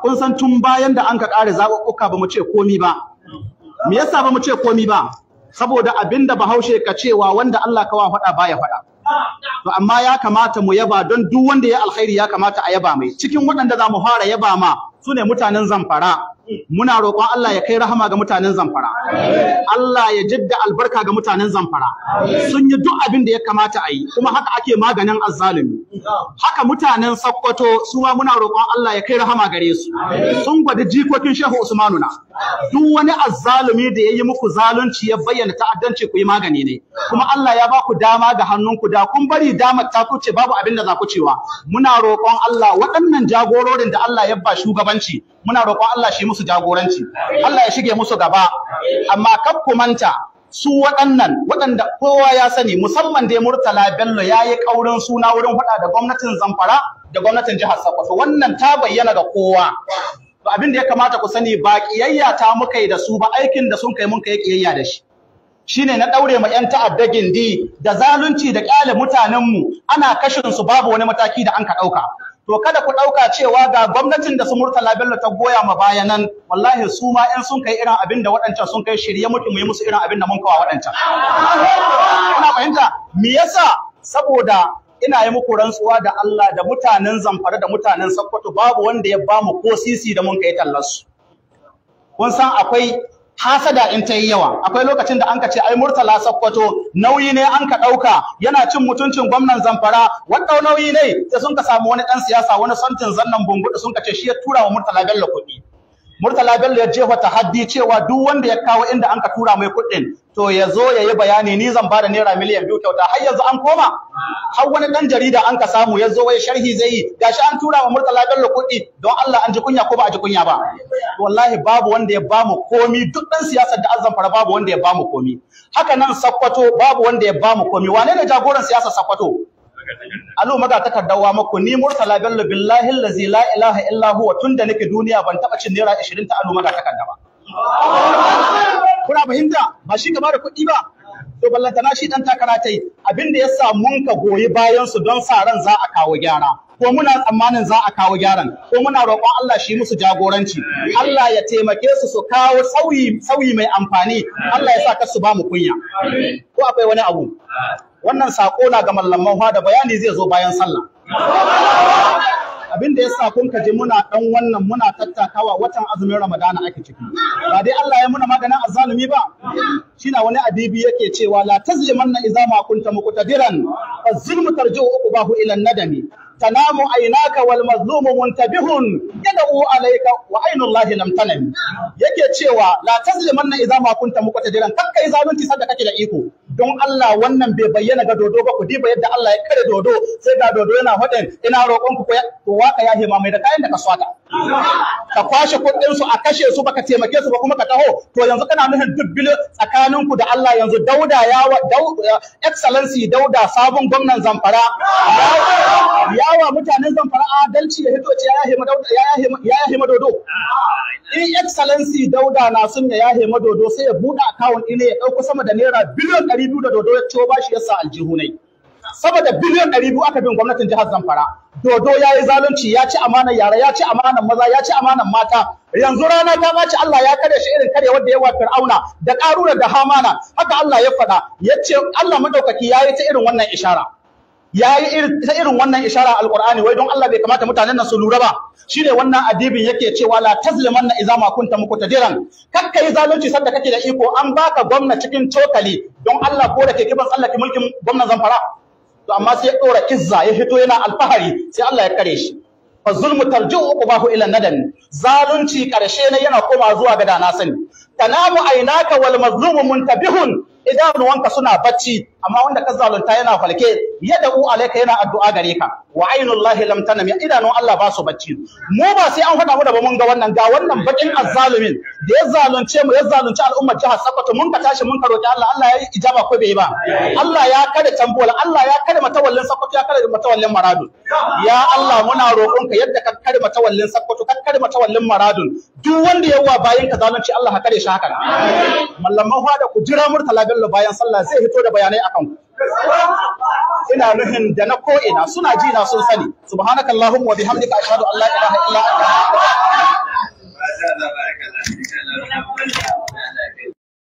kun san tun bayan da an ka ƙare zaɓuɓɓuka ba mu ce komi ba me yasa ba mu ce komi ba saboda abinda bahaushe ka cewa wanda Allah kawa faɗa ba ya faɗa to amma ya kamata mu yaba don duk wanda ya alkhairi ya kamata a yaba mai cikin waɗanda za mu fara yaba ma su ne mutanen zamfara muna roƙon Allah ya kai rahama ga mutanen Zamfara Allah ya jidda albarka ga mutanen Zamfara sun yi duk abin da ya kamata a yi kuma haka ake maganin azzalumi haka mutanen sakkwato su ma muna roƙon Allah ya kai rahama gare su sun gwada jikokin Shehu Usmanu na duk wani azzalumi da ya yi muku zalunci ya bayyana ta'addanci ku yi magani ne kuma Allah ya ba ku dama ga hannunku da kun bari damar ta kuce babu abin da za ku cewa muna roƙon Allah waɗannan jagororin da Allah ya ba shugabanci muna roƙon Allah shi musu jagororin. jagoranci Allah ya shige musu gaba amma kaf manta su waɗannan waɗanda kowa ya sani musamman dai Murtala Bello ya yi ƙaurin suna wurin faɗa da gwamnatin Zamfara da gwamnatin jihar Sokoto wannan ta bayyana ga kowa abin da ya kamata ku sani ba ƙiyayya ta muka yi da su ba aikin da sun kai mun kai kiyayya da shi shine na daure ma yan ta'adda gindi da zalunci da kyale mutanen mu ana kashin su babu wani mataki da an ka dauka to kada ku dauka cewa ga gwamnatin da su Murtala Bello ta goya ma bayanan wallahi su ma in sun kai irin abin da waɗancan sun kai shirye muke mu yi musu irin abin da mun kawa waɗancan kuna fahimta me yasa saboda ina yi muku rantsuwa da Allah da mutanen Zamfara da mutanen Sokoto babu wanda ya ba mu ko sisi da mun kai tallasu. kun san akwai hasada in ta yi yawa akwai lokacin da an ka ce ai murtala sakkwato nauyi ne an ka ɗauka yana cin mutuncin gwamnan zamfara wadda nauyi ne sai sun ka samu wani ɗan siyasa wani santin zannan bungudu sun ka ce shi ya tura wa murtala bello kuɗi Murtala Bello ya jefa haddi, cewa duk wanda ya kawo inda an ka tura mai kuɗin to ya zo ya yi bayani ni zan bada naira miliyan biyu kyauta har yanzu an koma har wani ɗan jarida an ka samu ya zo wai sharhi zai yi gashi an tura wa Murtala Bello kuɗi don Allah an ji kunya ko ba a ji kunya ba wallahi babu wanda ya bamu komi duk ɗan siyasar da azan fara babu wanda ya bamu komi haka nan Sakkwato babu wanda ya bamu komi wane ne jagoran siyasar Sakkwato alu maga takardawa mako ni murtala bello billahi allazi la ilaha illa huwa tunda nake duniya ban taba cin naira 20 ta alu maga takarda ba kuna fahimta ba shi gaba da kuɗi ba to na shi dan takara tai abinda ya sa mun ka goyi bayan su don sa ran za a kawo gyara ko muna tsammanin za a kawo gyaran ko muna roƙon Allah shi musu jagoranci Allah ya taimake su su kawo sauyi mai amfani Allah ya sa kar su ba mu kunya ko akwai wani abu wannan sako na ga mallaman da bayani zai zo bayan sallah Abinda da yasa kun ka ji muna dan wannan muna tattakawa watan azumin ramadana ake ciki ba dai Allah ya muna maganin azzalumi ba shina wani adibi yake cewa la tazlimanna idza ma kunta muqtadiran azzulmu tarji'u uqbahu ila nadami wal mazlumu muntabihun yad'u alayka wa وعين الله lam تنم yake cewa la tazlimanna idza ma kunta muqtadiran kakkai zalunci sadda kake da iko don Allah wannan bai bayyana ga dodo ba ku diba yadda Allah ya kare dodo sai ga dodo yana hudin ina roƙon ku ku waka ya hima mai da kayan da ka swata ka kwashe kuɗin su a kashe su baka taimake su ba kuma ka taho to yanzu kana nufin duk tsakanin ku da Allah yanzu Dauda ya excellency Dauda sabon gwamnan Zamfara yawa mutanen Zamfara adalci ya hito ce ya hima Dauda ya ya hema dodo in excellency Dauda na sun ya hema dodo sai ya buɗe account ɗin ya ɗauko sama da naira biliyan ɗari ɗari biyu da dodo ya ciwo bashi ya sa aljihu ne saboda biliyan ɗari biyu aka bin gwamnatin jihar zamfara dodo ya yi zalunci ya ci amanar yara ya ci amanar maza ya ci amanar mata yanzu rana ta ɓaci Allah ya kare shi irin kare wanda ya wa Fir'auna da ƙarura da Hamana haka Allah ya faɗa ya ce Allah madaukaki ya yi ta irin wannan ishara yi ta irin wannan ishara alkurani wai don Allah bai kamata mutanen nan su lura ba Shi ne wannan adibin yake cewa la tazlimanna idza ta kunta muqtadiran kakka yi zalunci sanda kake da iko an baka gwamna cikin cokali don Allah ko da ke kiban tsallake mulkin gwamnan zamfara to amma sai ya dora izza ya fito yana alfahari sai Allah ya kare shi fa zulmu tarji'u ilan ila nadam zalunci karshe ne yana koma zuwa ga dana sani tanamu aynaka wal mazlumu muntabihun idanuwanka suna bacci amma wanda ka zalunta yana falke yadda u alaika yana addu'a gare ka wa lahi lam tanam idanun Allah ba su bacci mu ba sai an faɗa mu da ba mun ga wannan ga wannan bakin azzalumin da ya zalunce mu ya zalunci al'ummar jihar Sokoto mun ka tashi mun ka roki Allah Allah ya yi ijaba ko bai ba Allah ya kada tambol Allah ya kada matawallin Sokoto ya kada matawallin Maradun ya Allah muna roƙon ka yadda ka kada matawallin Sokoto ka kada matawallin Maradun duk wanda ya wa bayan ka zalunci Allah ka kare shi haka mallaman fada ku jira murtala bello bayan sallah zai fito da bayanai ina nuhin da na ko ina suna ji na sun sani subhanakallahumma wa bihamdika ashhadu an la ilaha illa anta